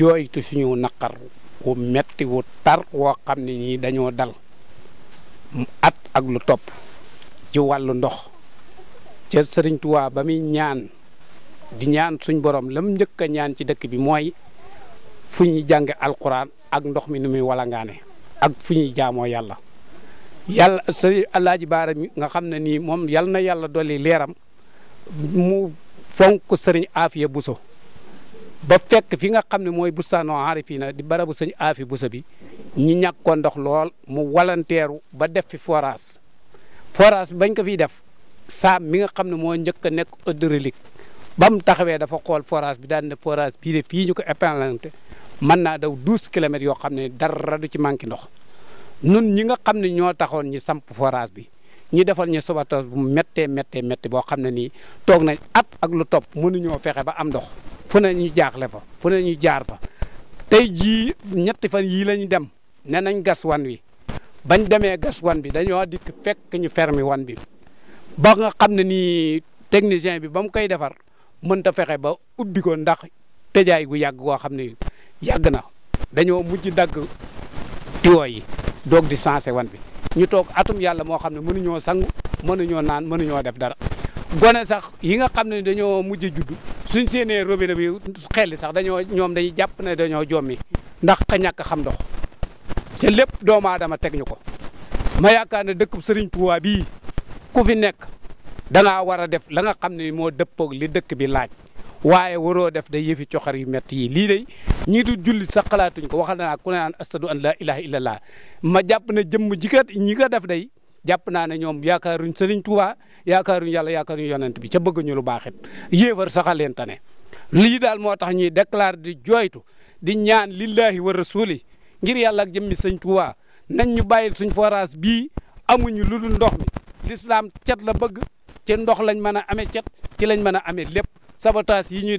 jooytu suñu naqar wu metti wu tar woo xam ne nii dañoo dal at ak lu topp ci wàllu ndox ca Sëriñ Tuubaa ba muy ñaan di ñaan suñ borom lam njëkk a ñaan ci dëkk bi mooy fu ñuy jànge alquran ak ndox mi nu muy walangaane ak fu ñuy jaamoo yàlla yàlla sëriñ Alaaji Baara mi nga xam ne nii moom yal na yàlla dolli leeram mu fonk sëriñ Afiya Buso ba fekk fi nga xam ne mooy fii na di barabu sëñ aafi busa bi ñi ñàkk ko ndox lool mu walanteeru ba def fi forage forage bañ ko fiy def saam mi nga xam ne mooy njëkk a nekk hydraulique ba mu taxawee dafa xool forage bi daan ne forage bii de fii ñu ko épinglante mën naa daw douze kilomètres yoo xam ne dara du ci manqué ndox nun ñi nga xam ne ñoo taxoon ñi samp forage bi ñi defal ñu sabotage bu méttee méttee métti boo xam ne nii toog nañ at ak lu topp mënuñoo fexe ba am ndox fu ne ñu jaaxle fa fu ne ñu jaar fa tey jii ñetti fan yii lañu dem ne nañ gas wan wi bañ demee gas wan bi dañoo dikk fekk ñu fermi wan bi ba nga xam ne nii technicien bi ba mu koy defar mën ta fexe ba ubbi ko ndax tëjaay gu yàgg koo xam ne yàgg na dañoo mujj dagg tiwo yi doog di sensé wan bi ñu toog atum yàlla moo xam ne mënuñoo sangu mënuñoo naan mënuñoo def dara gone sax yi nga xam ne dañoo mujj judd suñ séenee robinet bi xel sax dañoo ñoom dañuy jàpp ne dañoo jommi ndax ka ñàkk xam ndox ca lépp doomu aadama teg ñu ko ma yaakaar ne dëkk sëriñ Tuubaa bii ku fi nekk da ngaa war a def la nga xam ne moo dëppoog li dëkk bi laaj waaye waroo def day yëfi coxar yu métti yi lii day ñii du julli sax xalaatuñ ko waxal naa ku ne naan astadu an laa ilaaha illallah ma jàpp ne jëmm ji kat ko def day jàpp naa ne ñoom yaakaaruñ Sëriñ Tuubaa yaakaaruñ yàlla yaakaaruñ yonent bi ca bëgguñu lu baax it yéefar sax a leen tane lii daal moo tax ñuy déclare di jooytu di ñaan lillahi wa rasuli ngir yàlla ak jëmmi Sëriñ Tuubaa nañ ñu bàyyil suñ forage bii amuñu lu dul ndox mi lislaam cet la bëgg ci ndox lañ mën a amee cet ci lañ mën a amee lépp sabotage yi ñuy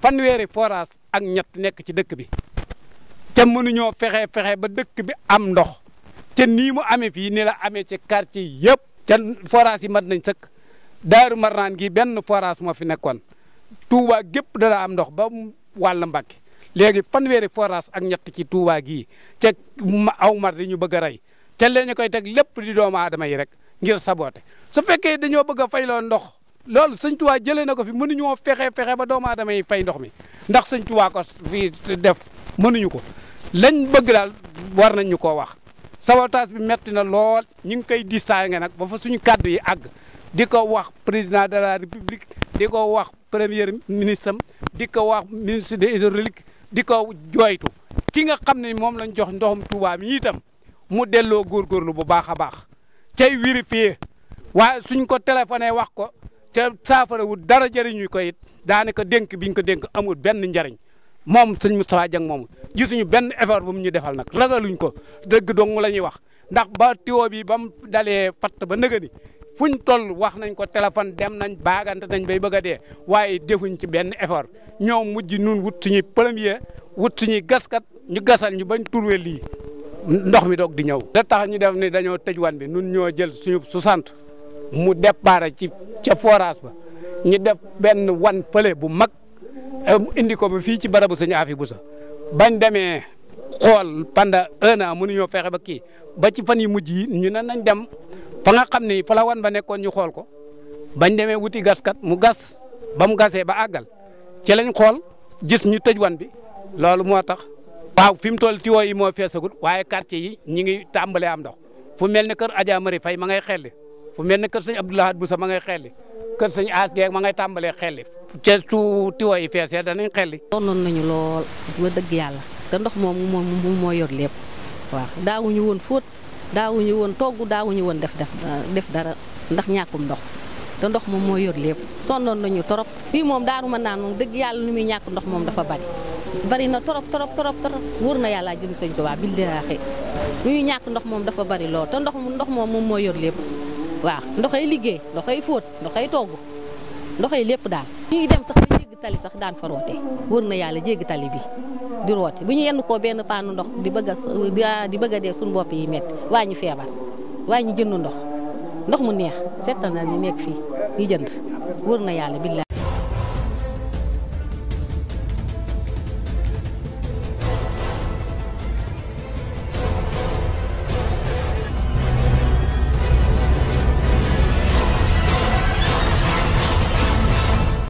fan weere forage ak ñett nekk ci dëkk bi te mënuñoo fexe fexe ba dëkk bi am ndox te nii mu amee fii ni la amee ci quartier yëpp ca forage yi mat nañ sëkk daaru marnaan gi benn forage moo fi nekkoon Touba gépp dana am ndox ba wàll Mbàkke léegi fanweeri forage ak ñett ci Touba gii ca aw mar di ñu bëgg rey te lee ñu koy teg lépp di doomu aadama yi rek ngir saboote su fekkee dañoo bëgg a fayloo ndox loolu sëñ Touba jëlee ne ko fi mënuñoo fexe fexe ba doomu aadama yi fay ndox mi ndax sëñ Touba ko fi def mënuñu ko lañ bëgg daal war nañ ñu koo wax sabotage bi metti na lool ñu ngi koy distingué nag ba fa suñu kaddu yi àgg di ko wax président de la république di ko wax premier ministre am di ko wax ministre de hydraulique di ko jooytu ki nga xam ne moom lañ jox ndoxum Touba mi itam mu delloo góorgóorlu bu baax a baax cay vérifier waaye suñ ko téléphoné wax ko ca saafara wu dara jëriñu ko it daanaka dénk biñ ko dénk amul benn njariñ moom sëñ Moustapha Dieng moomu gisuñu benn effort bu mu defal nag ragaluñ ko dëgg dong la ñuy wax ndax ba tuyau bi ba mu dalee fatt ba nëga ni fuñ toll wax nañ ko téléphone dem nañ baagante nañ bay bëgg a dee waaye defuñ ci benn effort ñoo mujj nun wut suñuy premier wut suñuy gaskat ñu gasal ñu bañ turwe lii ndox mi doog di ñëw. da tax ñu def ni dañoo tëj wan bi nun ñoo jël suñu 60 mu départ ci ca forage ba ñu def benn wan pële bu mag. Euh, indi ko ba fii ci barabu sëñ Afi Bousso bañ demee xool panda un an mënuñoo fexe ba kii ba ci fan yi mujj yi ñu ne nañ dem fa nga xam ne fa la wan ba nekkoon ñu xool ko bañ demee wuti gaskat mu gas ba mu gasee ba àggal ci lañ xool gis ñu tëj wan bi loolu moo tax. waaw fi mu toll tiwo yi moo feesagul waaye quartier yi ñi ngi tàmbalee am ndox fu mel ne kër Adja Mari Fay ma ngay xelli fu mel ne kër sëñ Abdoulahat Bousso ma ngay xelli kër sëñ As Guèye ma ngay tàmbalee xelli ca su tiwa yi feesee danañ xelli. sonnoon nañu lool ma dëgg yàlla te ndox moom moom moo yor lépp waaw daawuñu woon fóot daawuñu woon togg daawuñu woon def def def dara ndax ñàkkum ndox te ndox moom moo yor lépp sonnoon nañu torop fii moom daaru ma naan moom dëgg yàlla nu muy ñàkk ndox moom dafa bari bari na torop torop torop torop na yàlla jëli sëñ Tuubaa billaahi nu muy ñàkk ndox moom dafa bari lool te ndox ndox moom moom moo yor lépp waaw togg loxo yi lépp daal ñu dem sax ba jéggi tali sax daan fa roote wër na yàlla jéggi tali bi di roote bu ñu yenn koo benn paanu ndox di bëgg di bëgg a dee suñu bopp yi metti waa ñu feebar waa ñu jënd ndox ndox mu neex seetal na ni nekk fii ñu jënd wër na yàlla billaay